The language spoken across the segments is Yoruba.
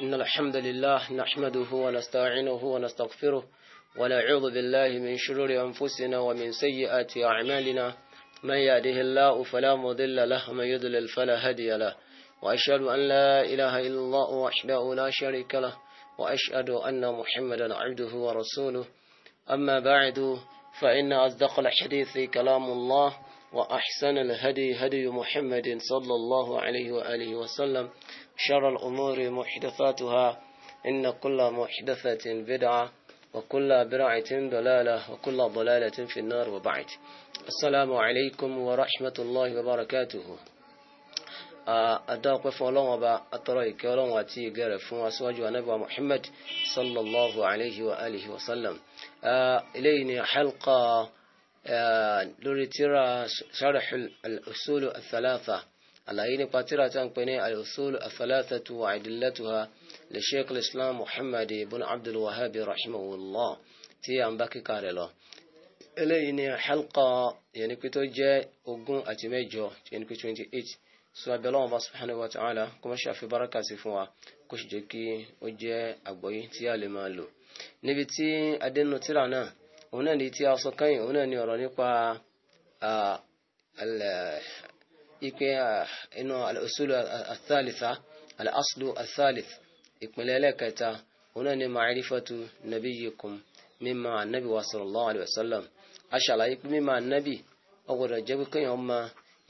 إن الحمد لله نحمده ونستعينه ونستغفره ونعوذ بالله من شرور أنفسنا ومن سيئات أعمالنا من يهده الله فلا مضل له ومن يضلل فلا هادي له وأشهد أن لا إله إلا الله وحده لا شريك له وأشهد أن محمدا عبده ورسوله أما بعد فإن أصدق الحديث كلام الله وأحسن الهدي هدي محمد صلى الله عليه وآله وسلم شر الأمور محدثاتها إن كل محدثة بدعة وكل برعة ضلالة وكل ضلالة في النار وبعد السلام عليكم ورحمة الله وبركاته أدعوك fún ọlọ́wọ́n ọba atọ́rọ ìkẹ́ ọlọ́wọ́n àti ìgẹ̀rẹ̀ محمد صلى الله عليه وآله وسلم آه، إليني حلقة Eh, lórí tíra sharh al-usul al-thalatha àlàyé nípa tíra tí a ń pè ní al-usul al-thalatha tu wa adillatuha li sheikh al-islam muhammad ibn abdul wahhab rahimahullah tí a ń bá kíkà rẹ̀ lọ. eléyìí ni halqa yẹni pé tó jẹ́ ogún àti mẹ́jọ yẹni pé twenty eight sọ abẹ́lẹ́ wọn bá subhanahu wa ta'ala kó má baraka sí fún wa kó sì jẹ́ kí ó jẹ́ àgbọ́yé tí a lè máa lò. níbi tí adénú tíra náà òun náà ni tí a sọ kẹ́yìn òun náà ni ọ̀rọ̀ nípa ipe inú al'usulu al-thalitha al'aslu al-thalith ìpínlẹ̀ ẹlẹ́kẹta òun náà ni ma'arifatu nabiyikum mímọ̀ annabi wa sallallahu alaihi wasallam a ṣàlàyé pé mímọ̀ annabi ọgbọ̀dọ̀ jẹ́ pé kéèyàn ọmọ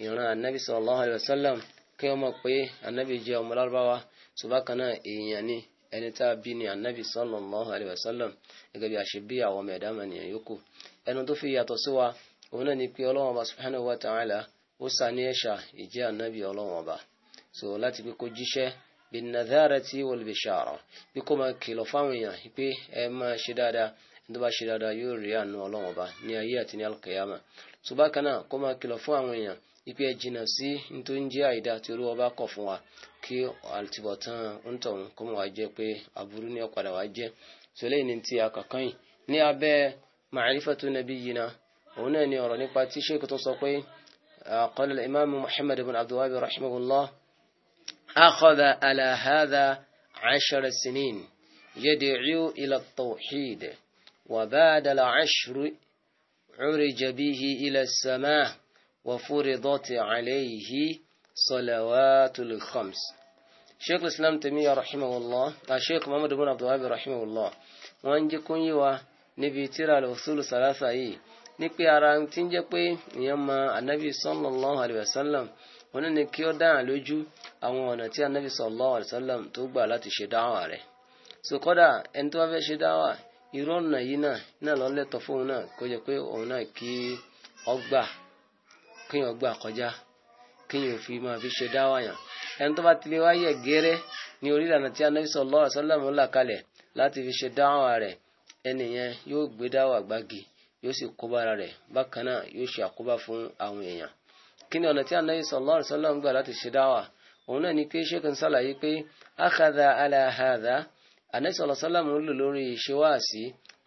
ìran annabi sallallahu alaihi wasallam kéèyàn mọ̀ pé annabi jẹ́ ọmọ lárúbáwá ṣùgbọ́n kan náà èèyàn ni ẹni tá a bí ni anabi sallallahu alayhi wa sallam gẹ́gẹ́ bí a ṣe bí àwọn ọmọ ẹ̀dá mànìyàn yòókù ẹnu tó fi yàtọ̀ sí wa òun náà ni pé ọlọ́run ọba subhanahu wa ta'ala ó sa ní ẹ̀ṣà ìjẹ́ anabi ọlọ́run ọba so láti pé kó jíṣẹ́ bin nadharati wal bishara bí kò máa kìlọ̀ fáwọn èèyàn pé ẹ máa ṣe dáadáa tó bá ṣe dáadáa yóò rí àánú ọlọ́run ọba ní ayé àti ní alkiyama so ipe ẹ jìnnà sí nítorí ń jẹ́ àìdá tí olúwa bá kọ̀ fún wa kí àtìbọ̀tán ń tọ̀hún kó mọ̀ wá jẹ́ pé aburú ní ọ̀padà wá jẹ́ so lẹ́yìn ní ti àkàkán yìí ní abẹ́ ma'rifatu nabiyyina òun náà ni ọ̀rọ̀ nípa tí sheikh tó sọ pé qala al-imam ibn abdul wahhab rahimahullah akhadha ala hadha sinin yad'u ila at-tawhid wa ba'da al ila samaa وفرضت عليه صلوات الخمس شيخ الإسلام تيمية رحمه الله الشيخ محمد بن عبد الوهاب رحمه الله wọ́n jẹ́ kó yíwa níbi tíra al-usul salasa yìí ní pé ara tí ń jẹ́ pé ìyẹn ma anabi sallallahu alayhi wa sallam wọn ní kí ó dáhà lójú àwọn ọ̀nà tí anabi sallallahu alayhi wa sallam tó gbà láti ṣe dáhà rẹ̀ so kódà ẹni tó bá fẹ́ ṣe dáhà irú ọ̀nà yìí náà náà lọ́lẹ́tọ̀ fóun náà kó jẹ́ pé òun náà kí ọgbà kéèyàn gbà kọjá kéèyàn fi máa fi ṣe dáwàyàn ẹni tó bá tilẹ̀ wá yẹ gẹ́rẹ́ ní orí ìlànà tí anabi sallallahu alaihi wasallam là kalẹ̀ láti fi ṣe dáwà rẹ̀ ẹnìyẹn yóò gbé dáwà gbági yóò sì kóbá ara rẹ̀ bákan náà yóò ṣe àkóbá fún àwọn èèyàn kí ni ọ̀nà tí anabi sallallahu alaihi wasallam gbà láti ṣe dáwà òun náà ni pé ṣéèkì ń sàlàyé pé akhadha ala anabi sallallahu alaihi wasallam lò lórí ìṣewáàsí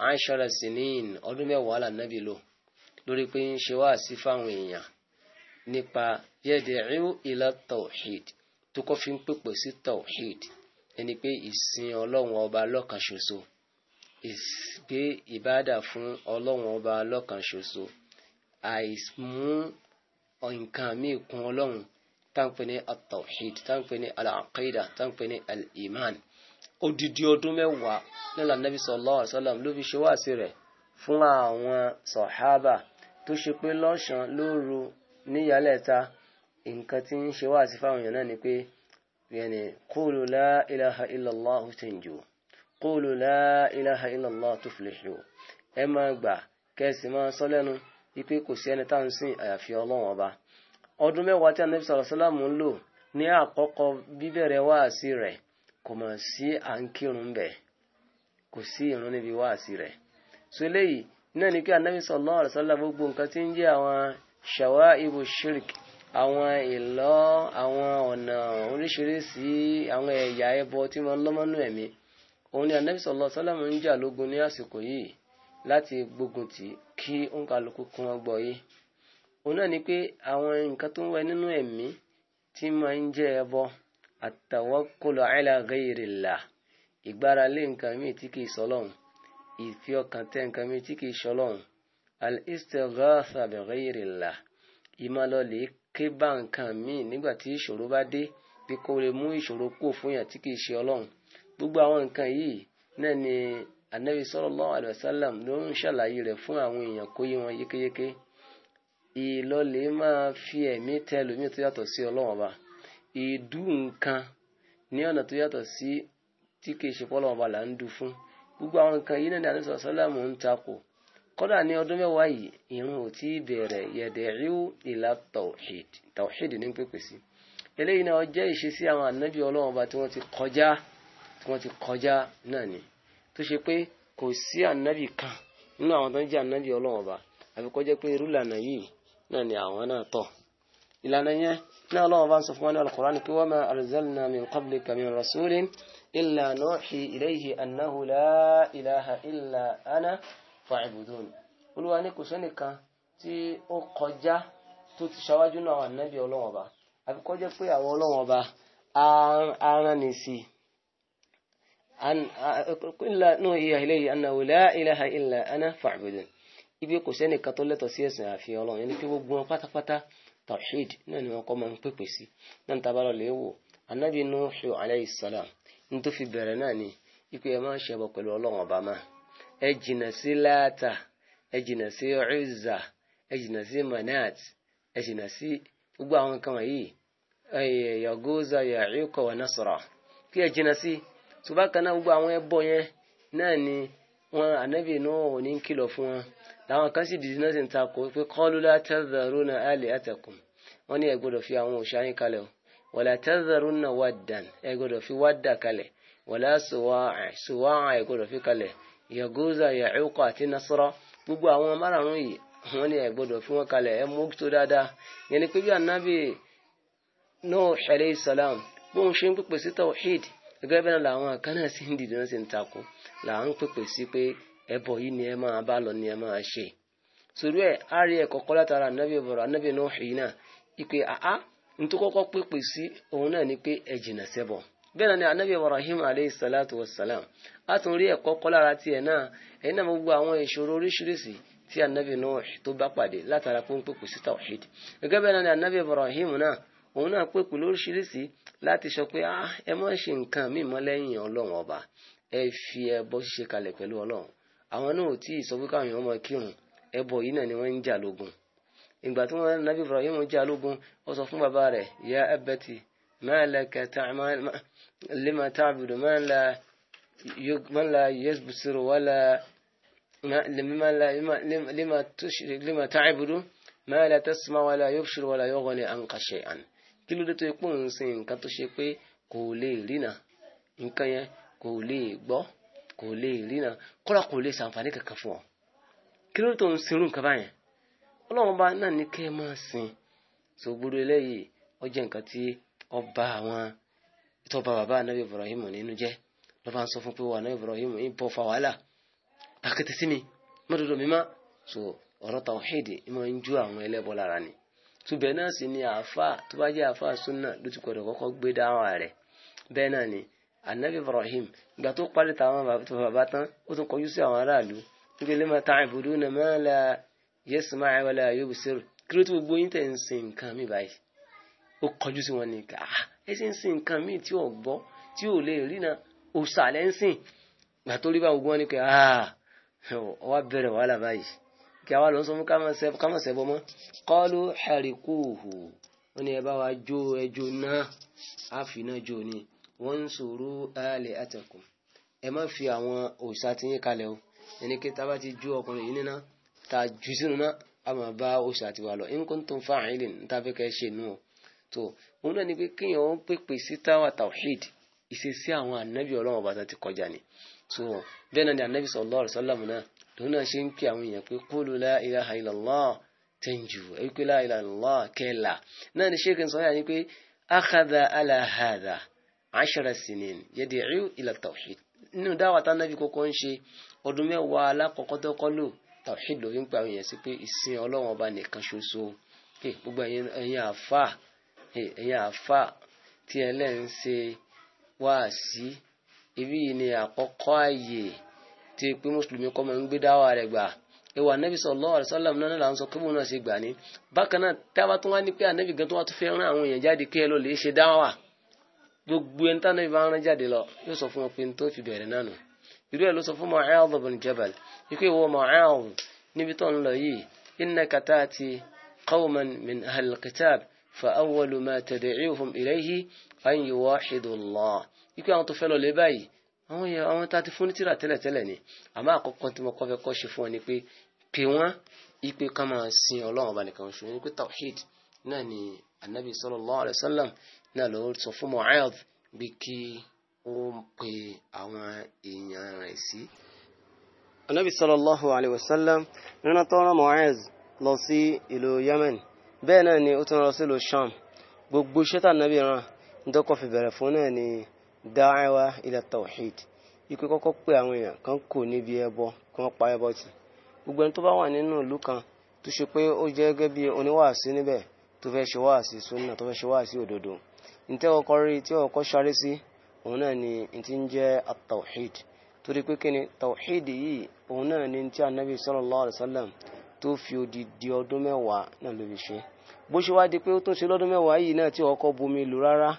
aishara sinin ọdún mẹ́wàá lànàbí lò lórí pé ń ṣe fáwọn èèyàn nípa yẹ́dẹ̀ẹ́rú ìlà tawhid tó kọ́ fi ń pèpè sí tawhid ẹni pé ìsìn ọlọ́run ọba lọ́kan ṣoṣo pé ìbádà fún ọlọ́run ọba lọ́kan ṣoṣo àìmú nǹkan míì kún ọlọ́run táǹpẹ́ ní at-tawhid táǹpẹ́ ní al-aqida táǹpẹ́ ní al-iman odidi ọdún mẹ́wàá nílà nàbí sallallahu alaihi wasallam ló fi ṣe wáàsí rẹ̀ fún àwọn sọ̀hábà tó ṣe pé lọ́sàn-án lóru ní ìyálẹ̀ta nǹkan tí ń ṣe wá sí fáwọn èèyàn náà ni pé yẹni qulu la ilaha illallah tanju qulu la ilaha illallah tuflihu ẹ máa gbà kẹsì máa sọ lẹ́nu wípé kò sí ẹni tá à ń sìn àyàfi ọlọ́run ọba ọdún mẹ́wàá tí anabi sọ̀rọ̀ sọ́lámù ń lò ní àkọ́kọ́ bíbẹ̀rẹ̀ wáàsí rẹ̀ kò mọ̀ sí à ń kírun bẹ̀ kò sí ìrun níbi wáàsí rẹ̀ so eléyìí náà ni pé anabi sọ̀rọ̀ sọ́lá gbogbo nǹkan tí ń jẹ́ àwọn ṣàwáìbù shirk àwọn ìlọ àwọn ọ̀nà oríṣiríṣi àwọn ẹ̀yà ẹbọ tí wọ́n lọ́mọ́nú ẹ̀mí òun ni anabi sọlọ sọlámù ń jà lógun ní àsìkò yìí láti gbógun tì kí òǹkàlùkù kún wọn gbọ́ yìí òun náà ni pé àwọn nǹkan tó ń wẹ nínú ẹ̀mí tí máa ń jẹ́ ẹbọ àtàwọ́kọlọ ala ghayrillah ìgbára lé nǹkan míì tí kìí sọlọ́hún ìfi ọkàn tẹ nǹkan míì tí kìí sọlọ́hún al-istighatha bi ghayri Allah ìmọ̀lọ́lẹ̀ ké bá nǹkan míì nígbà tí ìṣòro bá dé bí kò lè mú ìṣòro kó fún yàn tí kìí ṣe gbogbo àwọn nǹkan yìí náà ni anabi sallallahu alaihi wasallam ló ń ṣàlàyé rẹ̀ fún àwọn èèyàn kó yé wọn yékéyéké ìlọlẹ̀ máa fi ẹ̀mí tẹ lómi tó yàtọ̀ sí ọlọ́run ọba ìdú nǹkan ní ọ̀nà tó yàtọ̀ sí tí kìí ṣe pọ́lọ́run là ń du fún gbogbo àwọn nǹkan yìí náà ni anabi sallallahu alaihi wasallam ń takò kódà ní ọdún mẹ́wàá yìí ìrun ò tí bẹ̀rẹ̀ yẹ̀dẹ̀ríw ìlà tawhid tawhid ní pèpè sí eléyìí náà jẹ́ ìṣesí àwọn ànábì ọlọ́run ọba tí wọ́n ti kọjá tí wọ́n ti kọjá náà ni tó ṣe pé kò sí ànábì kan nínú àwọn tó ń jẹ́ ànábì ọlọ́run ọba àfi kó jẹ́ pé irú ìlànà yìí náà ni àwọn náà tọ̀ ìlànà yẹn náà ọlọ́run ọba ń sọ fún wa ní al-Qur'an pé wa ma arsalna min qablika min rasulin illa nuhi ilayhi annahu la ilaha illa fa'budun olúwa ní kò sẹ́nìkan tí ó kọjá tó ti ṣáwájú náà àwọn ànábì ọlọ́wọ́n ọba àfi kó jẹ́ pé àwọn ọlọ́wọ́n ọba aran ní sí nínú ìyá ilé yìí anna la ilaha illa ana fa'budun ibi kò sẹ́nìkan tó lẹ́tọ̀ọ́ sí ẹ̀sìn àfi ọlọ́run yẹn ni pé gbogbo wọn pátápátá tawhid náà ni wọn kọ́ máa ń pèpè sí náà tá a bá lọ lè anabi nuhu alayhi salam ní tó fi bẹ̀rẹ̀ náà ni ipe ẹ̀ máa ń ṣẹbọ pẹ̀lú ọlọ́run ọba máa ẹ jìnà sí láàtà ẹ jìnà sí Uzza ẹ jìnà sí manat ẹ jìnà sí gbogbo àwọn nǹkan wọ̀nyí Yaguza Ya'iqa wa Nasra kí ẹ jìnà sí ṣùgbọ́n kan náà gbogbo àwọn ẹbọ yẹn náà ni wọn ànábì náà ò ní kìlọ̀ fún wọn làwọn kan sì dìde náà sì ń takò pé qalu la tadharuna alihatakum wọn ní ẹ fi àwọn òòṣà yín kalẹ̀ o wala tadharuna waddan ẹ gbọ́dọ̀ fi wadda kalẹ̀ wala suwa'a suwa'a ẹ gbọ́dọ̀ fi kalẹ̀ yagoza yacuqo àti nasara gbogbo àwọn márààrún yìí wọ́n ni ẹ fi wọ́n kalẹ̀ ẹ dáadáa yẹn ni pé bí anabi Nuh alayhi salam bó ń ṣe ń pèpè sí tawhid gẹ́gẹ́ bẹ́ẹ̀ làwọn kan náà sì ń dìde náà sì ń takò làwọn pèpè sí pé ni ẹ máa ni ẹ máa ṣe ẹ anabi ọ̀bọ̀rọ̀ anabi na yìí náà ìpè àá ntó pèpè sí bẹ́ẹ̀ náà ni anabi ibrahim aleyhi salatu wa salam a tún rí ẹ̀kọ́ kọ́ lára tiẹ̀ náà ẹ̀yin náà gbogbo àwọn ìṣòro oríṣiríṣi tí anabi nuh tó bá pàdé látara pé ń pèpè sí tawhid gẹ́gẹ́ bẹ́ẹ̀ náà ni anabi ibrahim náà òun náà pèpè lóríṣiríṣi láti sọ pé ah ẹ má ṣe nǹkan mí mọ́ lẹ́yìn ọlọ́run ọba ẹ fi ẹbọ ṣíṣe kalẹ̀ pẹ̀lú ọlọ́run àwọn náà ò tí ì sọ pé káwọn èèyàn kírun ẹbọ yìí náà ni wọ́n ń jà lógun ìgbà tí wọ́n nábì ibrahim jà lógun ó sọ fún bàbá rẹ̀ ya abati ما لك تعمل لما تعبد من لا من لا يبصر ولا لما لا لما تشرك لما تعبد ما لا تسمع ولا يبصر ولا يغني عنك شيئا kí ló dé tó pọ̀ ń sin nǹkan tó ṣe pé kò lè rìnà nǹkan yẹn kò lè gbọ́ kò lè rìnà kọ́lá kò lè ṣàǹfààní kankan fún ọ kí ló dé tó ń sinú nǹkan báyẹn ọlọ́run bá náà ní kẹ́ ẹ máa sin ṣògbóró eléyìí ó jẹ́ nǹkan tí ọba àwọn ìtọ́ba bàbá anabi ibrahim nínú jẹ́ lọ́ba ń sọ fún pé wà anabi ibrahim ń bọ̀ fa wàhálà tàkété sí mi mọ́dodo mi má so ọ̀rọ̀ tawhid ìmọ̀ ń ju àwọn ẹlẹ́bọ lára ni tubẹ̀ náà sì ni àáfà tó bá jẹ́ àáfà súnà ló ti gbọdọ̀ kọ́kọ́ gbé dáhùn rẹ̀ bẹ́ẹ̀ náà ni anabi ibrahim ìgbà tó parí tàwọn bàbá tán ó tún kọjú sí àwọn aráàlú níbi lima ta'buduna ma la yasma' wa la yubsir kí ló tó gbogbo tẹ̀ ń sin nǹkan mi báyìí ó kọjú sí wọn nìkan ah ẹ sì ń sin nǹkan míì tí ò gbọ́ tí ò lè rí náà òòṣà lẹ́ ń sìn gbà tó rí báwo gbọ́n ni pé ah ọ wá bẹ̀rẹ̀ wàhálà báyìí kí àwa lọ sọ fún kámọ̀ sẹ́bọ̀ mọ́ kọ́lù hẹ̀ríkùhù ó ní ẹ bá wa jó ẹjọ́ náà á fi náà jó ni wọ́n ń sòrò àlẹ́ àtẹ̀kùn ẹ má fi àwọn òòṣà tí yín kalẹ̀ o ẹni kí tábà ti jó ọkùnrin yìí níná ta jù sínú náà a máa bá òòṣà tiwa lọ in kuntum fa'ilin níta fẹ́ kẹ́ ṣe nù ọ́ tó òun náà ni pé kéèyàn ó pèpè sí táwa tawhid ìṣesí àwọn ànábì ọlọ́run ọba ti kọjá ni so bẹ́ẹ̀ náà ni ànábì sallallahu alaihi wasallam náà lòun náà ṣe ń pè àwọn èèyàn pé qulu la ilaha illallah tẹ́njù wípé la ilaha illallah kẹ́là náà ni ṣéèkì sọ yà ni pé akhadha ala hadha ashara sinin yad'u ila tawhid nínú dáwà tá nábì kọ́kọ́ ń ṣe ọdún mẹ́wàá alákọ̀ọ́kọ́ tó kọ́ lò tawhid ló fi ń pè àwọn èèyàn sí pé ìsìn ọlọ́run ọba nìkan ṣoṣo gbogbo ẹ̀yin àfáà ẹ̀yin àfa tí ẹ lẹ́ ń ṣe wáàsí ibi yìí ni àkọ́kọ́ ààyè tí pé mùsùlùmí kọ́ máa ń gbé dáwà rẹ̀ gbà ìwà anabi sallallahu alaihi wasallam náà là ń sọ kí mo náà ṣe gbà ní bákan náà táwa tó wá ní pé anabi gan tó wá tó fẹ́ rán àwọn èèyàn jáde kí ẹ lọ lè ṣe dáwà gbogbo ẹni tá anabi bá rán jáde lọ yóò sọ fún wọn pé n tó fi bẹ̀rẹ̀ náà nù irú ẹ̀ ló sọ fún Mu'adh فأول ما تدعيهم إليه أن يواحدوا الله يكون أنتو فلو لباي àwọn yẹn àwọn tá a ti fún ní tíra tẹ́lẹ̀tẹ́lẹ̀ ni àmọ́ àkọ́kọ́ tí mo kọ́ fẹ́ kọ́ ṣe fún ọ ni pé pè wọ́n ipe ká máa sin ọlọ́run ọba nìkan ṣùgbọ́n ní pé tawhid náà ni anabi sallallahu alayhi wa sallam náà ló sọ fún Mu'adh bí kí ó pe àwọn èèyàn rẹ̀ sí. anabi sallallahu alayhi wa sallam nínú tọ́rọ Mu'adh lọ sí ìlú Yemen Bee náà ni ó tún lọ Sham gbogbo ṣẹ́tà nàbí ran ndọ́kọ̀ fi bẹ̀rẹ̀ fún náà ni da'wa ila tawhid ikú kọ́kọ́ pé àwọn èèyàn kan kò níbi ẹbọ kí wọ́n pa ẹbọ tì gbogbo ẹni tó bá wà nínú ìlú kan tó ṣe pé ó jẹ́ gẹ́gẹ́ bí oníwàásí níbẹ̀ tó fẹ́ ṣe sunna tó fẹ́ ṣe òdodo rí tí anabi tó fi odidi ọdún mẹ́wàá náà ló fi ṣe bó ṣe wá di pé ó tún ṣe lọ́dún mẹ́wàá yìí náà tí ọkọ̀ bomi lò rárá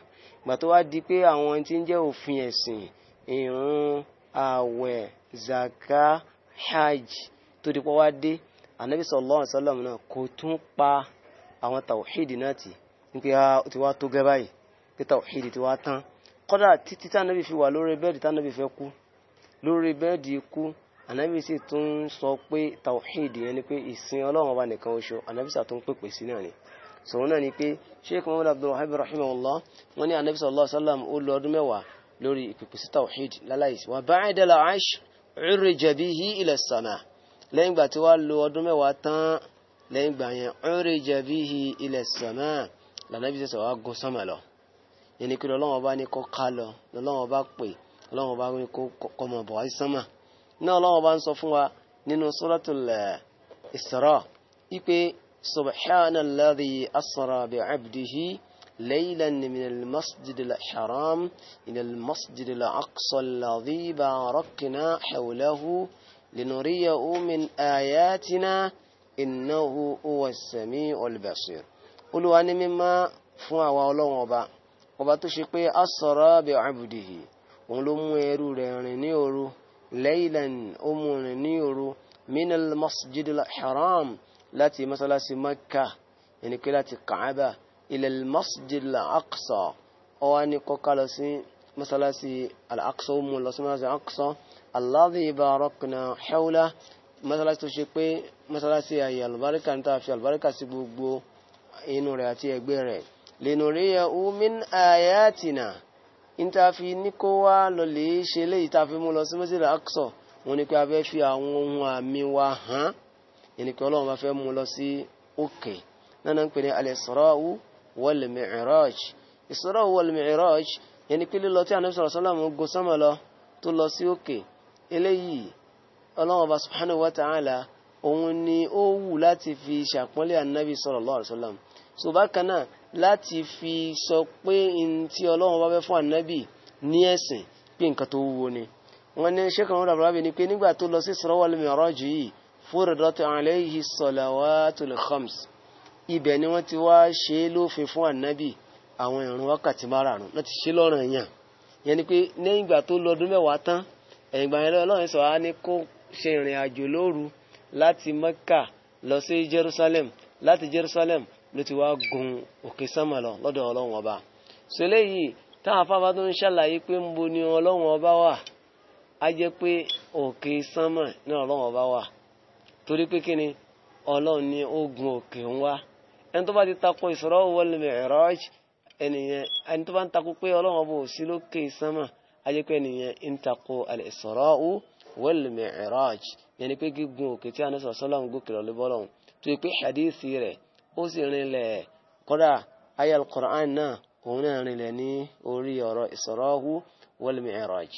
ìgbà tó wá di pé àwọn tí ń jẹ́ òfin ẹ̀sìn ìrun àwẹ̀ zaka hajj tó di pọ́ wá dé anabi sallallahu alaihi wasallam náà kò tún pa àwọn tawhid náà tì nípa ah, ó ti wá tó gẹ́ báyìí pé tawhid ti wá tán kódà títí tí fi wà lórí bẹ́ẹ̀dì tí fẹ́ kú lórí bẹ́ẹ̀dì ikú ànábì sì tún sọ pé tawhid yẹn ni pé ìsìn ọlọ́run ọba nìkan oṣù ànábì sì tún pèpè sí náà ni sòun náà ni pé sheikh muhammad abdulrahman rahimahullah wọn ní ànábì sallallahu alaihi wasallam ó lo ọdún mẹ́wàá lórí ìpèpè sí tawhid láláìsí wà ba'da al-ash urija bihi ila as-sama lẹ́yìn ìgbà tí wàá lo ọdún mẹ́wàá tán lẹ́yìn ìgbà yẹn urija bihi ila as-sama lànàbí sẹ̀sẹ̀ wàá gun sánmà lọ yẹn ni pé lọ́wọ́ bá ní kọ́ ká lọ lọ́wọ́ bá pè lọ́wọ́ bá ní kọ́ mọ̀ bọ̀ wá sí náà Ọlọ́hun bá ń sọ fún wa nínú suratul Isra ipe subhanalladhi asra bi abdihi ليلا من المسجد الحرام إلى المسجد الأقصى الذي باركنا حوله لنريه من آياتنا إنه هو السميع البصير قلوا أن مما فوا ولون وبا وبا تشقي أسرى بعبده ولم يرو رنيورو ليلا أمون نيرو من المسجد الحرام التي مثلا مكة يعني كلات الكعبة إلى المسجد الأقصى أو أن يقال مثلا الأقصى أم الله الأقصى الذي باركنا حوله مثلا تشيكي مثلا أي البركة أنت في البركة سبوبو إنو رأتي أكبر لنريه من آياتنا ìntàfi ní kó wá lọlẹ̀ ṣe léyìí tàfi mú lọ sí mẹ́sìlì Aqsa wọn ni pé a fẹ́ fi àwọn ohun àmì wa hàn ìnìkẹ́ ọlọ́run bá fẹ́ mú lọ sí òkè nánà ń pè ní al-Isra wal Mi'raj Isra wal Mi'raj yẹn pé lílọ tí àná sọ̀rọ̀ sọ́lá mú go sánmà lọ tó lọ sí òkè eléyìí ọlọ́run bá subhanahu wa ta'ala òun ni ó wù láti fi ṣàpọ́nlé ànábì sallallahu alaihi wasallam so bákan náà láti fi sọ pé n tí ọlọ́run bá fẹ́ fún ànábì ní ẹ̀sìn pé nǹkan tó wúwo ni wọ́n ní ṣé kàn rọ̀bọ̀rọ̀ bí ni pé nígbà tó lọ sí Isra wal Mi'raj yìí furidat alayhi salawatul khams ibẹ̀ ni wọ́n ti wá ṣe lófin fún ànábì àwọn ìrun wákàtí márààrún láti ṣe lọ́rùn èèyàn yẹn ni pé lẹ́yìn ìgbà tó lọ ọdún mẹ́wàá tán ẹ̀yìn ìgbà yẹn lọ́rùn sọ á ní Jerusalem láti Jerusalem ló ti wá gun òkè sánmà lọ lọ́dọ̀ ọlọ́run ọba so eléyìí táwọn afáfá tó ń ṣàlàyé pé ń ni ọlọ́run ọba wà á jẹ́ pé òkè sánmà ní ọlọ́run ọba wà torí pé kí ni ọlọ́run ní ó gun òkè ń wá ẹni tó bá ti takò Isra wal Mi'raj ẹnìyẹn ẹni tó bá ń takò pé ọlọ́run ọba ò sí lókè sánmà á jẹ́ pé ẹnìyẹn ń takò ni pé òkè tí a ní ó sì rinlẹ̀ kódà aya al-Qur'an náà òun náà rinlẹ̀ ní orí ọ̀rọ̀ Isra'u wal Mi'raj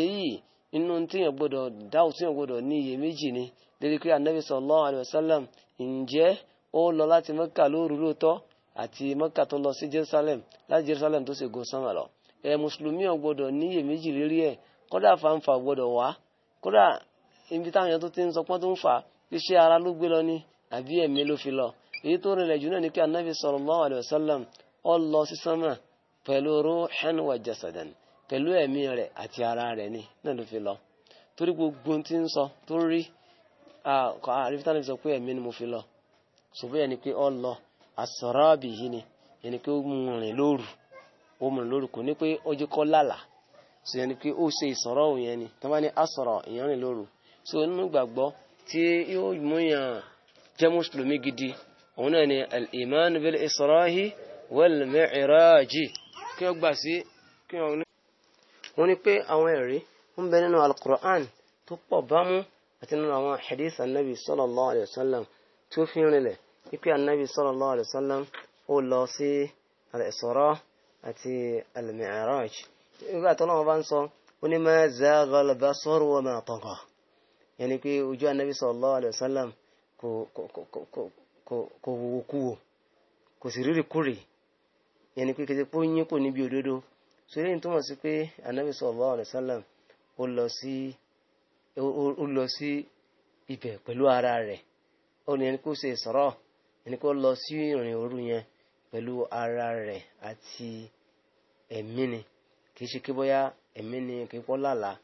èyí inú tíyàn gbọdọ̀ dáhùn tíyàn gbọdọ̀ ní iye méjì ni lórí pé anabi sallallahu alayhi wa sallam ǹjẹ́ ó lọ láti Mẹ́kà lóru lóòótọ́ àti Mẹ́kà tó lọ sí Jerusalem láti Jerusalem tó sì gun sánmà lọ ẹ mùsùlùmí ò gbọdọ̀ ní iye méjì lérí kódà fanfa gbọdọ̀ wá kódà ibi táwọn èèyàn tó ti ń sọ pọ́n tó ń fà iṣẹ́ ara ló gbé lọ ni àbí ẹ̀mí ló fi lọ èyí tó rìnlẹ̀ jù náà ni pé anábì sallallahu alaihi wasallam ó lọ sí sánmà pẹ̀lú ruhan wa jasadan pẹ̀lú ẹ̀mí rẹ̀ àti ara rẹ̀ ni náà ló fi lọ torí gbogbo tí ń sọ tó rí àrífítà náà sọ pé ẹ̀mí ni mo fi lọ ṣùgbọ́n yẹn ni pé ó lọ asọ́rábì yìí ni yẹn ni pé ó mú rìn lóru ó mú rìn lóru kò ní pé ó jẹ́ kọ́ lálà so yẹn ni pé ó ṣe ìsọ̀rọ̀ òun yẹn ni tó bá òun náà ni al-iman bil israhi wal mi'raj kí wọ́n gbà sí kí wọ́n ní. wọ́n ní pé àwọn ẹ̀rí ń bẹ nínú al-Qur'an tó pọ̀ bámú àti nínú àwọn hadith anabi sallallahu alayhi wa sallam tó fi ń rinlẹ̀ ipe anabi sallallahu alayhi wa sallam ó lọ sí al-isra àti al-mi'raj nígbà tó bá ń sọ ó ní ma zagha al-basar wa yẹni pé ojú anabi sallallahu alayhi wa kò wòwò kú wò kò sì rírì kúrì yẹn ni pé kẹsẹ̀ pé ó yín kò níbi òdodo sórí èyí túmọ̀ sí pé anabi sallallahu alaihi wasallam ó lọ sí ó lọ sí ibẹ̀ pẹ̀lú ara rẹ̀ ó ní ẹni kó ṣe Isra ẹni kó lọ sí ìrìn òru yẹn pẹ̀lú ara rẹ̀ àti ẹ̀mí ni kì í ṣe kí bóyá ẹ̀mí ni kì í pọ́ lálàá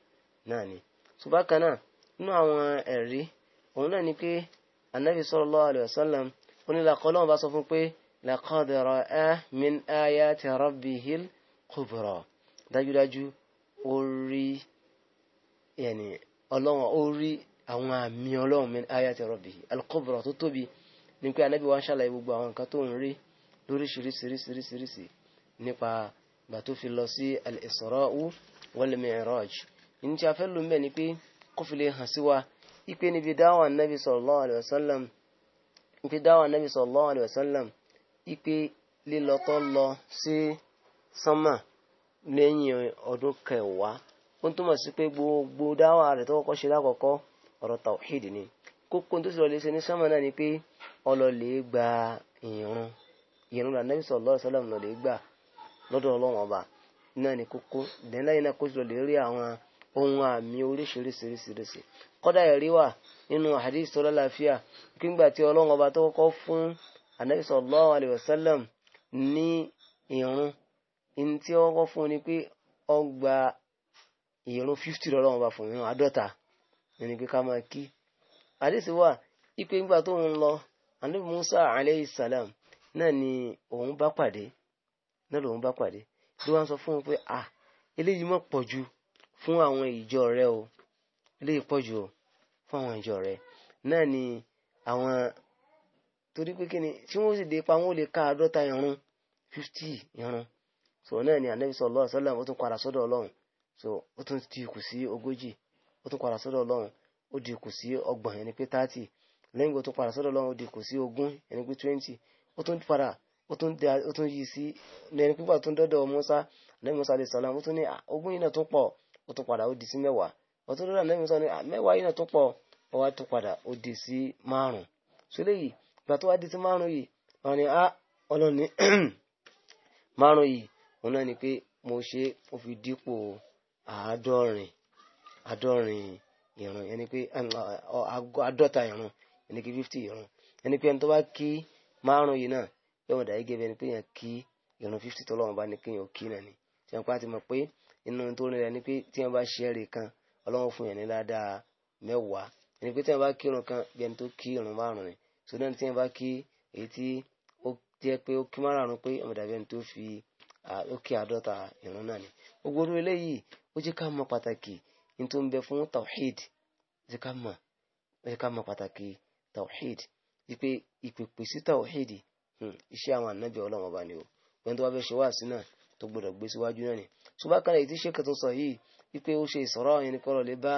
náà ni. ṣùgbọ́n kan náà nínú àwọn ẹ̀rí òun náà ni pé anabi sallallahu alayhi wa sallam onílàkọlọ́wọ́n bá sọ fún pé laqad ra'a min ayati rabbihil kubra dájúdájú ó rí yẹni ọlọ́wọ́n ó rí àwọn àmì ọlọ́wọ́n min ayati rabbihi al-kubra tó tóbi ní pé anabi wa ń ṣàlàyé gbogbo àwọn nǹkan tó ń rí lóríṣiríṣiríṣiríṣi nípa gbà tó fi lọ sí al-Isra wal-Mi'raj ní tí a fẹ́ lò ni pé kó hàn sí wa ipe níbi dáwà nàbì sallallahu alaihi wasallam ipe dáwà sallallahu alaihi wasallam ipe lílọtọ lọ sí sánmà lẹ́yìn ọdún kẹwàá ó ń túmọ̀ sí pé gbogbo dáwà rẹ̀ tó kọ́kọ́ ṣe lákọ̀ọ́kọ́ ọ̀rọ̀ tawhid ni kókó tó sì lọ lè ṣe ní sánmà náà ni pé ọlọ́lẹ̀ gba ìrun ìrun là nàbì sallallahu alaihi wasallam lọ́lẹ̀ gbà lọ́dọ̀ ọlọ́wọ́n ọba náà ni kókó dẹ́ńláyìn náà kó sì lọ rí àwọn ohun àmì oríṣiríṣiríṣiríṣi kọ́dà ẹ̀rí wà nínú hadith tó lálàáfíà nígbà tí ọlọ́run ọba tó kọ́kọ́ fún anabi sallallahu alayhi wa sallam ní ìrun ní tí ó kọ́kọ́ fún ni pé ọgbà ìrun fifty lọ́lọ́run ọba fún ìrun àádọ́ta ní pé ká máa kí hadith wà ipe nígbà tó ń lọ anabi musa alayhi salam náà ni òun bá pàdé náà lòun bá pàdé ló wá sọ fún un pé ah eléyìí mọ̀ pọ̀ ju fún àwọn ìjọ rẹ o ilé ìpọ̀jù fún àwọn ìjọ rẹ̀ náà ni àwọn torí pé kí ni tí wọ́n sì dé ipa wọn lè ká àádọ́ta irun fifty irun so náà ni anabi sallallahu alaihi wasallam ó tún padà sọ́dọ̀ ọlọ́run so ó tún ti kù sí ogójì ó tún padà sọ́dọ̀ ọlọ́run ó di kù sí ọgbọ̀n ẹni pé thirty lẹ́yìn tó tún padà sọ́dọ̀ ọlọ́run ó di kù sí ogún ẹni pé twenty ó tún padà ó tún yí sí ẹni pípa tó ń dọ́dọ̀ Musa lẹ́yìn Musa alayhi salam ó tún ní ah, ogún yìí náà tún pọ̀ ó tún padà ó di sí mẹ́wàá ọtún lórí ànábì sọ ni mẹ́wàá yìí náà tó pọ̀ ó wá tó padà ó di sí márùn so léyìí ìgbà tó wá di sí márùn yìí wọn ni a ọlọ́ni márùn yìí òun náà ni pé mo ṣe ó fi dípò àádọ́rin àádọ́rin ìrun ẹni pé àádọ́ta ìrun ẹni pé fifty ìrun ẹni pé ẹni tó bá kí márùn yìí náà yóò dà gẹ́gẹ́ bí ẹni pé yẹn kí ìrun fifty tó lọ́wọ́ bá ní kéèyàn kí náà ni tí wọn pa ti mọ̀ pé inú tó rìn rẹ̀ ni pé tí wọn bá ṣe ẹ̀rì kan ọlọ́run fún yẹn ní ládàá mẹ́wàá ẹni pé tí wọn bá kírun kan bí ẹni tó kí irun márùn ni so náà tí wọn bá kí èyí tí ó jẹ pé ó kí márùn pé ọmọ dàbí ẹni tó fi ó kí àádọ́ta irun náà ni gbogbo orí eléyìí ó jẹ́ ká mọ pàtàkì ní tó ń bẹ fún tawhid ká mọ ó jẹ́ ká mọ pàtàkì tawhid ìpèpè sí hmm, o sọ yìí wípé ó ṣe ìsọ̀rọ̀ yẹn ni kọ́lọ̀ lè bá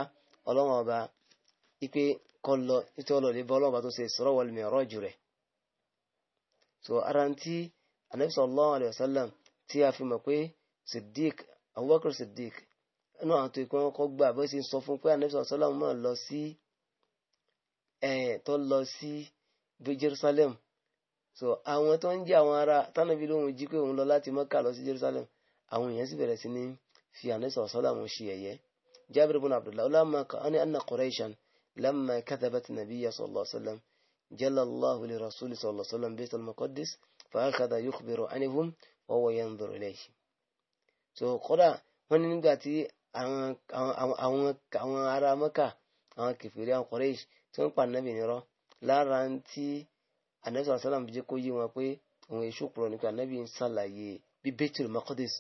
ọlọ́wọ́n ọba wípé kọ́lọ̀ wípé ọlọ́ lè bá ọlọ́wọ́n ọba tó ṣe ìsọ̀rọ̀ wal mi'raj rẹ̀. so ara ń tí anabi sallallahu alayhi wa sallam tí a fi mọ̀ pé siddiq abubakar siddiq inú àwọn tó ikọ́ kọ́ gbà bó ṣe ń sọ fún pé anabi sallallahu máa lọ sí tó lọ sí Jerusalem so àwọn tó ń jẹ́ àwọn ará tánàbí lóhun jí pé òun lọ láti Mẹ́kà lọ sí Jerusalem àwọn èèyàn sì bẹ̀rẹ̀ sí ní في ànẹ́sà ọ̀sọ́lá mú ṣe ẹ̀yẹ jábìrì bùn abdullahi ọlámọ̀ká ọ́nà anna quraishan lamma katabat nabiyya sallallahu alaihi wasallam jalla allahu li rasuli sallallahu alaihi wasallam bayt al-maqdis fa akhadha yukhbiru anhum wa huwa yanzuru ilayhi so kódà wọ́n ní nígbà tí àwọn ará mọ́kà àwọn kẹfìrí àwọn quraish tí wọ́n pa nàbì nírọ́ lára tí ànẹ́sà sallallahu alaihi wasallam jẹ́ kó yé wọn pé òun èṣù kúrò nípa nàbì ń sàlàyé bí baytul maqdis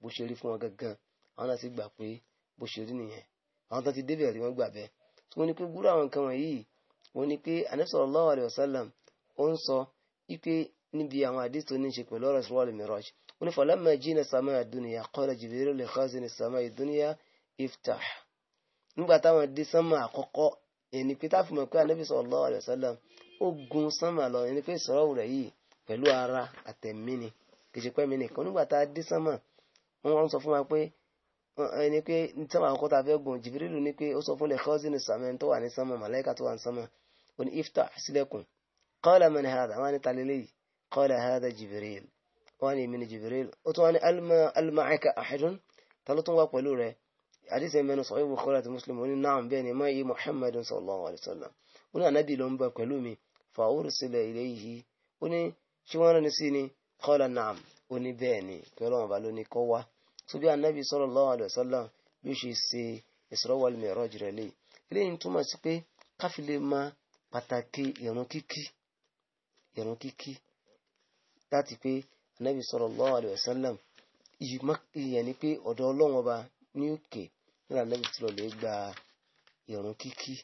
bó ṣe rí fún wọn gangan àwọn náà sì gbà pé bó ṣe rí nìyẹn àwọn tó ti débẹ̀ rí wọ́n gbà bẹ́ẹ̀ tí wọ́n ní pé gbúrò àwọn nǹkan wọ̀nyí wọ́n ní pé Ànábì sallallahu alaihi wasallam ó ń sọ wípé níbi àwọn àdìs tó ní ṣe pẹ̀lú ọ̀rọ̀ Isra Miraj wọ́n ní falamma jina sama ad-dunya qala Jibril li khazini sama ad-dunya iftah nígbà táwọn dé sánmà àkọ́kọ́ ẹni pé táfi mọ̀ pé Ànábì sallallahu alaihi wasallam ó gun sánmà lọ ẹni pé sọ̀rọ̀ rẹ̀ yìí pẹ̀lú ara àtẹ̀mí ni kìí ṣe pẹ́mi nìkan nígbà tá dé sánmà wọ́n sọ fún wa pé ẹni pé nítorí àwọn kọ́ta fẹ́ gùn jìbìrìlù ni pé ó sọ fún lẹ́kọ́sí ní sàmẹ́ tó wà ní sánmọ̀ màláìka tó wà ní sánmọ̀ ó ní ifta sílẹ̀kùn qala man hadha wọ́n ní talẹ́lẹ́ yìí qala hadha jìbìrìl wọ́n ní èmi ni jìbìrìl ó tún wọ́n ní almaaka ahadun ta ló tún wá pẹ̀lú rẹ̀ àdìsẹ́ mẹ́nu sọ ìwò kọ́lá ti muslim oní náà bẹ́ẹ̀ ni ó ní ànábì bẹ́ẹ̀ ni pẹ̀lú àwọn ọba so anabi sallallahu alaihi wasallam bí ó ṣe ṣe Isra wal Miraj rẹ̀ lè eléyìí túmọ̀ sí pé káfí lè ma pàtàkì ìrun kíkí ìrun kíkí láti pé anabi sallallahu alaihi wasallam ìyẹn ni pé ọ̀dọ̀ ọlọ́wọ́n ọba ní òkè nígbà anabi ti lè gba ìrun kíkí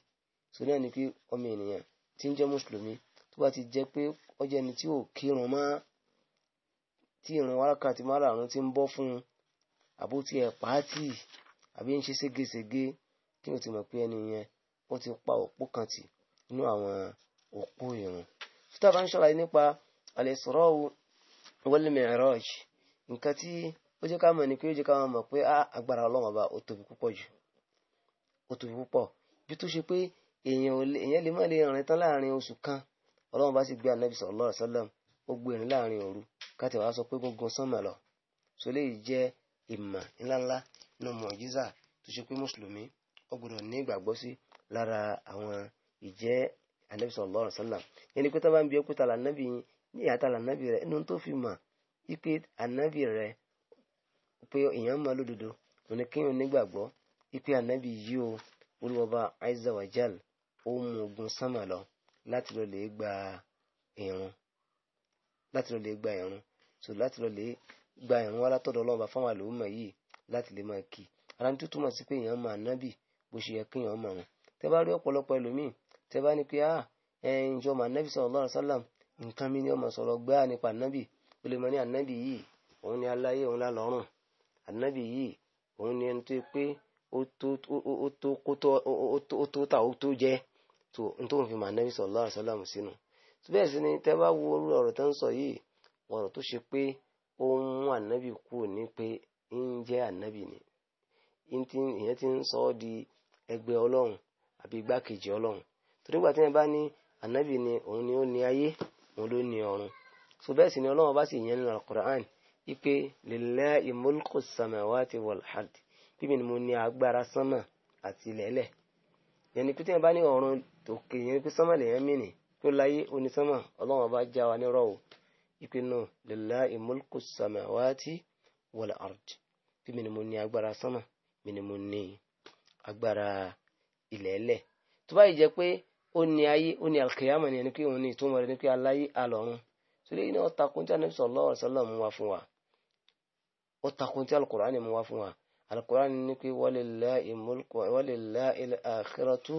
so náà ni pé ọmọ ènìyàn tí ń jẹ́ mùsùlùmí tó bá ti jẹ́ pé ọjọ́ ẹni tí ò kírun mọ́ tí ìrun wákàtí márààrún ti ń bọ́ fún un àbó tí ẹ pàátì àbí ń ṣe ségesège kí o ti mọ̀ pé ẹni yẹn wọ́n ti pa òpó kan tì nínú àwọn òpó ìrun. fúta bá ń ṣàlàyé nípa al-Isra wal-Mi'raj nǹkan tí ó jẹ́ ká mọ̀ ni pé ó jẹ́ ká mọ̀ pé agbára ọlọ́run ọba ó tóbi púpọ̀ jù ó tóbi púpọ̀ bí tó ṣe pé èèyàn lè má lè rìn tán láàrin oṣù kan ọlọ́run bá sì gbé anabi sallallahu alaihi wasallam ó gbé rìn láàrin òru káti wàá sọ pé gbogbo sánmà lọ so léyìí jẹ́ ìmọ̀ ńláńlá nínú mọ̀jísà tó ṣe pé mùsùlùmí ó gbọdọ̀ ní ìgbàgbọ́ sí lára àwọn ìjẹ́ anabi sallallahu alaihi wasallam yẹni pé tó bá ń bi ẹkúta lànàbì ní ìyàtà lànàbì rẹ inú tó fi mọ̀ ipe anabi rẹ pé èèyàn máa lódodo òní kí wọn nígbàgbọ́ ipe anabi yìí o olùwọba aiza wajal ó mú ogun sánmà lọ láti lọ lè gba ìrun láti lọ lè gba ìrun so láti lọ lè gba ìrún wá látọ̀dọ̀ ọlọ́ọ̀bá fáwọn àlòmọ̀ yìí láti lè máa kì í ara ní tó túmọ̀ sí pé èèyàn máa nábì bó ṣe yẹ kéèyàn mọ̀ wọn tẹ bá rí ọ̀pọ̀lọpọ̀ ẹlòmíì tẹ bá ní pé ah ẹnjọ mà nábì sallallahu alaihi ma nǹkan mi ni ọmọ sọ̀rọ̀ gbá nípa nábì ó lè mọ ní ànábì yìí òun ni aláyé òun lálọ́rùn ànábì yìí òun ni ẹni tó pé ó tó ó tó jẹ nítorí fi mà nábì ó ń mú ànábì kú ní pé ń jẹ́ ànábì ni ìyẹn ti ń sọ ọ́ di ẹgbẹ́ ọlọ́run àbí igbákejì ọlọ́run torí gbà tí ẹ bá ní ànábì ni òun ni ó ní ayé òun ló ní ọ̀run so bẹ́ẹ̀ sì ni ọlọ́run bá sì yẹn nínú alukur'an ipe lillahi mulku samawati wal ard bíbí ni mo ní agbára sánmà àti ilẹ̀ẹ́lẹ̀ yẹn ni pété yẹn bá ní ọ̀run òkè yẹn ni pé sánmà lèyẹn mí ni tó láyé onísánmà ọlọ́run bá já wa ní rọ́ọ̀ ipe náà lillahi mulku samawati wal ard bí mi ni mo ní agbára sánmà mi ni mo ní agbára ilẹ̀ ẹlẹ̀ tó báyìí jẹ́ pé ó ní ayé ó ní alkiyama ni ẹni pé òun ní ìtumọ̀ rẹ̀ ni pé aláyé alọ́run torí iná ọ̀takùn tí anabi sallallahu alaihi wasallam mú wa fún wa ọ̀takùn tí alukur'ani mú wa fún wa alukur'ani ni pé walillahi mulku walillahi al-akhiratu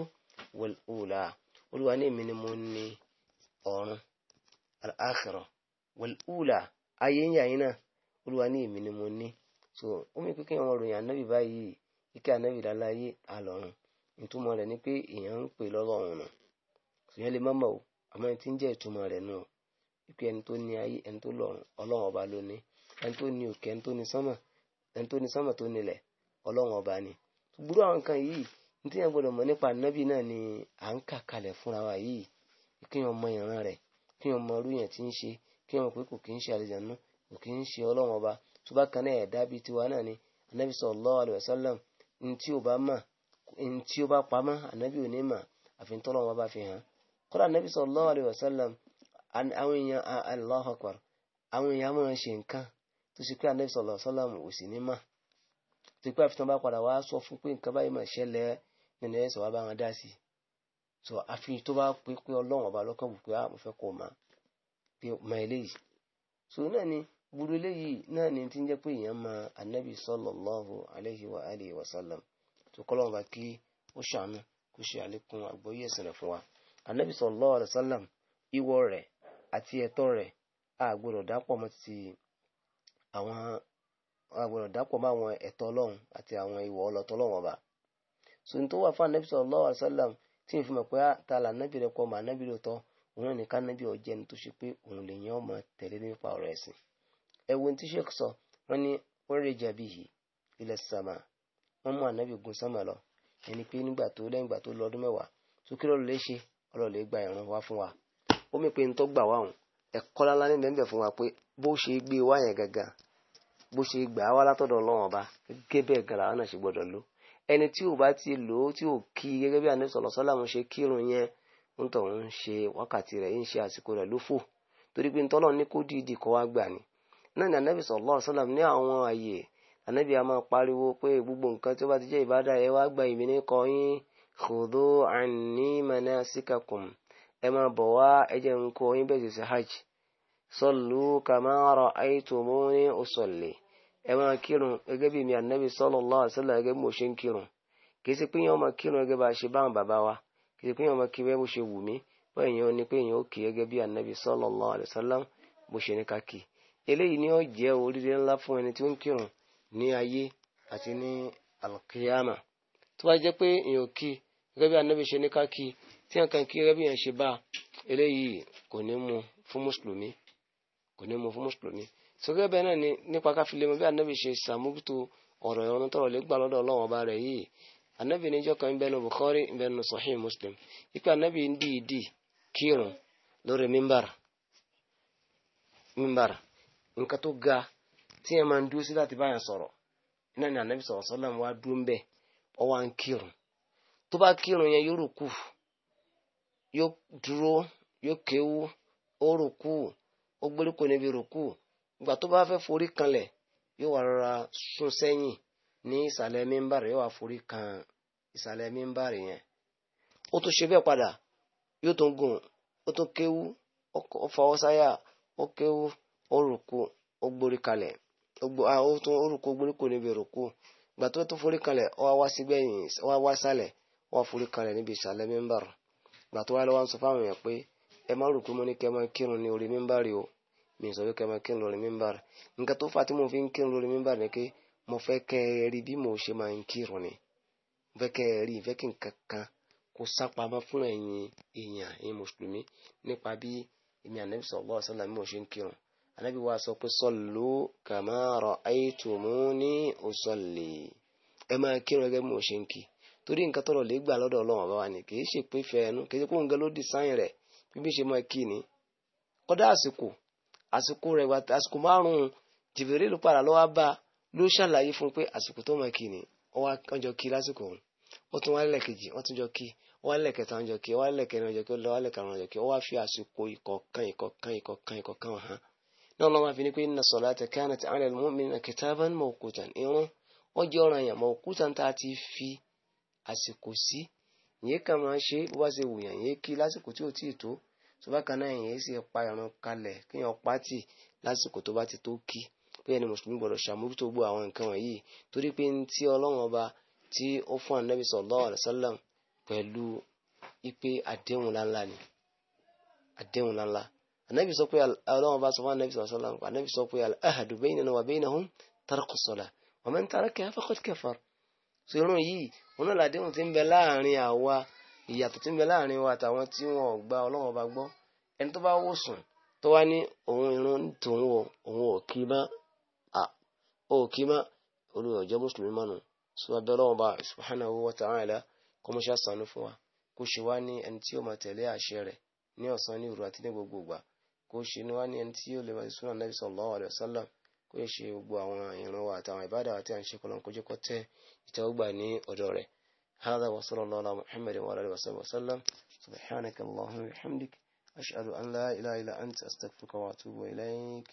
olúwa ní èmi ní ọ̀run al wàlúùlà ayé ń yà yín náà olúwa ní èmi ni mo ní so ó ya pínpín ròyìn báyìí ike ànábì láláyé àlọ́run ìtumọ̀ rẹ̀ ni pé èèyàn ń pè lọ́lọ́run nù ṣùgbọ́n lè mọ́mọ́ o àmọ́ ẹni tí ń jẹ́ ìtumọ̀ rẹ̀ nù ipe ẹni tó ní ayé ẹni tó ọlọ́run ọba ló ní ẹni tó ní òkè ẹni tó ní ọba ni gbúrú àwọn nǹkan yìí ní tí yẹn gbọdọ̀ mọ̀ nípa náà ni à ń kà wa yìí kí yẹn mọ ìran rẹ̀ kí wọn pé kò kí ń ṣe àlejànú kò kí ń ṣe ọlọ́run ọba tó bá kan náà ẹ̀dá bíi tiwa náà ni anabi sallallahu alaihi wasallam ní tí ó bá mà ní tí ó bá pamọ́ anabi ò ní mà àfi tọ́lọ́run ọba fi hàn kọ́lá anabi sallallahu alaihi wasallam àwọn èèyàn Allahu akbar àwọn èèyàn máa ṣe nǹkan tó ṣe pé anabi sallallahu alaihi wasallam ò sì ní mà tó pé àfitàn bá padà wá sọ fún pé nǹkan báyìí mà ṣẹlẹ̀ so àfi tó bá pé pé ọlọ́run ọba lọ́kàn wù pé a ah, mo fẹ́ kó o máa pé eléyìí so naanị, gburu gbogbo eléyìí naanị ni ti ń jẹ́ pé anabi sallallahu alayhi wa alihi wa sallam tó kọ́lọ́n bá kí ó ṣàánú kó ṣe àlékún àgbọ́yé ẹ̀sìn rẹ̀ wa anabi sallallahu alayhi wa sallam àti a ti àwọn a àwọn àti àwọn ìwọ ọba so tó anabi sallallahu alayhi wa sallam tí n fi pé ah, òun náà ní kánábì ọjẹ́ ẹni tó ṣe pé òun lè yan ọmọ tẹ̀lé nípa ọ̀rọ̀ ẹ̀sìn ẹ̀wọ̀n tí sheikh sọ wọ́n ní wọ́n rè jàbí yìí ilẹ̀ sàmà wọ́n mú ànábì gun sàmà lọ ẹni pé nígbà tó lẹ́yìn ìgbà tó lọ ọdún mẹ́wàá tó kí lọ́ọ́ lè ṣe ọlọ́ọ̀lẹ́ gba ìran wá fún wa ó mì pé n tó gbà wá òun ẹ̀kọ́ lálá ní bẹ́ẹ̀ fún wa pé bó ṣe gbé wá yẹn gangan bó ṣe gbà á wá látọ̀dọ̀ ọlọ́run ọba gẹ́gẹ́ bẹ́ẹ̀ gan làwọn náà ṣe gbọ́dọ̀ lò ẹni tí ò bá ti lò ó tí ò kí gẹ́gẹ́ bí àníṣọ̀lọ́sọ́làmù ṣe kírun yẹn ń tọ̀ ń ṣe wákàtí rẹ̀ ń ṣe àsìkò rẹ̀ lófò torí pé ntọ́lọ́ ní kó dìídì kọ́ wá gbà ní. náà ní anabi sallallahu alaihi wasallam ní àwọn àyè anabi a máa pariwo pé gbogbo nǹkan tí ó bá ti jẹ́ ìbádà ẹ wá gba ìmí ní kọ yín khudhu anni manasikakum ẹ máa bọ̀ wá ẹ jẹ́ ń kọ́ yín bẹ́ẹ̀ sì sí hajj sallu kama ra'aytumuni usalli ẹ máa kírun gẹ́gẹ́ bí mi anabi sallallahu alaihi wasallam gẹ́gẹ́ bí mo ṣe ń kírun kì í sì pé yẹn máa kírun gẹ́gẹ́ bá a ṣe báwọn bàbá wa kí pé èèyàn máa kí bẹ́ẹ̀ bó ṣe wù mí bẹ́ẹ̀ èèyàn ni pé èèyàn ó kí gẹ́gẹ́ bí anabi sallallahu alaihi wasallam bó ṣe ní ká kí eléyìí ni ó jẹ́ oríire ńlá fún ẹni tí ó ń kírun ní ayé àti ní alkiyama tó bá jẹ́ pé èèyàn ò kí gẹ́gẹ́ bí anabi ṣe ní ká kí tí èèyàn kan kí gẹ́gẹ́ bí èèyàn ṣe bá eléyìí kò ní mu fún mùsùlùmí kò ní mu fún mùsùlùmí sọgẹ́ bẹ́ẹ̀ náà ni nípa káfílẹ̀ mọ́ bí anabi ṣe ṣàmójútó ọ̀rọ̀ ìrọ̀rùn tọrọ lè gbà anabi na njɔkan bɛ no bukhari bɛ muslim ikpe anabi ndị idi kiro lori mimbar mimbar nka to ga tiɲɛ man du sida ti ba yan sɔrɔ ni anabi sɔrɔ sɔrɔ la wa dun bɛ o wa to ba kiro ya yoru ku yo duro yo kewu o ruku o ne bi ruku gba to ba fɛ fori kan lɛ yo wa sun sɛyin ní ìsàlẹ̀ mímbàrì yóò wá forí kan ìsàlẹ̀ mímbàrì yẹn ó tún ṣe bẹ́ẹ̀ padà yóò tún gùn ó tún kéwú ó fọwọ́ sáyà ó kéwú ó rùkú ó gborí kalẹ̀ ó tún rùkú gborí níbi rùkú gbà tó tún forí kalẹ̀ ó wá wá ó wá wá sálẹ̀ ó wá forí kalẹ̀ níbi ìsàlẹ̀ mímbàrì gbà tó sọ fáwọn èèyàn pé ẹ má ní o mi sọ pé kẹ́ kírun lórí mímbàrì nǹkan tó fà tí mo fi ń kírun lórí mímbàrì ni pé mo fẹ́ kẹ́ ẹ rí bí mo ṣe máa ń kírun ni mo fẹ́ kẹ́ ẹ rí ìfẹ́ kí nǹkan kan kó sápamọ́ fún ẹ̀yin èèyàn ẹ̀yin mùsùlùmí nípa bí èmi ànábì sallallahu alaihi mo ṣe ń kírun ànábì wa sọ pé sallu kama ra'aytumuni usalli ẹ máa kírun mo ṣe ń kí torí nǹkan tọrọ lè gbà lọ́dọ̀ Ọlọ́run ọba wa ni kì í ṣe pé fẹ́ kì í ṣe rẹ̀ ni àsìkò àsìkò rẹ̀ àsìkò márùn-ún ló ṣàlàyé fún un pé àsìkò tó mọ̀ kí ni wọ́n jọ kí lásìkò òun ó tún wá lẹ́ẹ̀kejì wọ́n tún jọ kí wọ́n lẹ́ẹ̀kẹta wọ́n jọ kí wọ́n lẹ́ẹ̀kẹrin wọ́n jọ kí wọ́n lọ́wọ́ lẹ́ẹ̀karùn jọ fi àsìkò ìkọ̀kan ìkọ̀kan ìkọ̀kan ìkọ̀kan hàn náà lọ́wọ́ fi ni pé inna salata irun jẹ́ ọ̀ràn yẹn a ti fi àsìkò sí ìyẹn kàn máa ṣe bó bá ṣe wù yàn ìyẹn kí lásìkò tí ò tí ì tó kan náà pé ẹni mùsùlùmí gbọdọ̀ ṣàmójútó gbogbo àwọn nǹkan wọ̀nyí torí pé ní tí ọlọ́run ọba tí ó fún anabi sallallahu alaihi wasallam pẹ̀lú ipe àdéhùn ńláńlá ni àdéhùn ńláńlá anabi sọ pé ọlọ́run ọba sọ fún anabi sallallahu alaihi wasallam anabi sọ pé al-ahdu baynana wa baynahum tarku s-salah wa man tarakaha faqad kafar so irun yìí wọn náà làdéhùn ti ń bẹ láàrin àwa ìyàtọ̀ ti ń bẹ láàrin wa àtàwọn tí wọn ò gba ọlọ́run ọba gbọ́ ẹni tó bá wò tó wá ní òun irun tòun òun ò kí mọ́ ó kí má olùwẹ̀ ọ̀jẹ́ mùsùlùmí mánu sọ abẹ́rẹ́ ọba subhanahu wa ta'ala kó mọ́ ṣàṣàánú fún wa kó ṣe wá ní ẹni tí ó máa tẹ̀lé àṣẹ rẹ̀ ní ọ̀sán ní òru àti ní gbogbo ìgbà kó ṣe ní wá ní ẹni tí ó lè máa sunnah Nabi sallallahu alaihi wasallam kó ṣe gbogbo àwọn ìran wa àtàwọn ìbádà àti àṣẹ kọlọ́n kó jẹ́ kó tẹ́ ìtẹ́wọ́gbà ní ọ̀dọ̀ rẹ̀ hada wa sallallahu ala wa sallam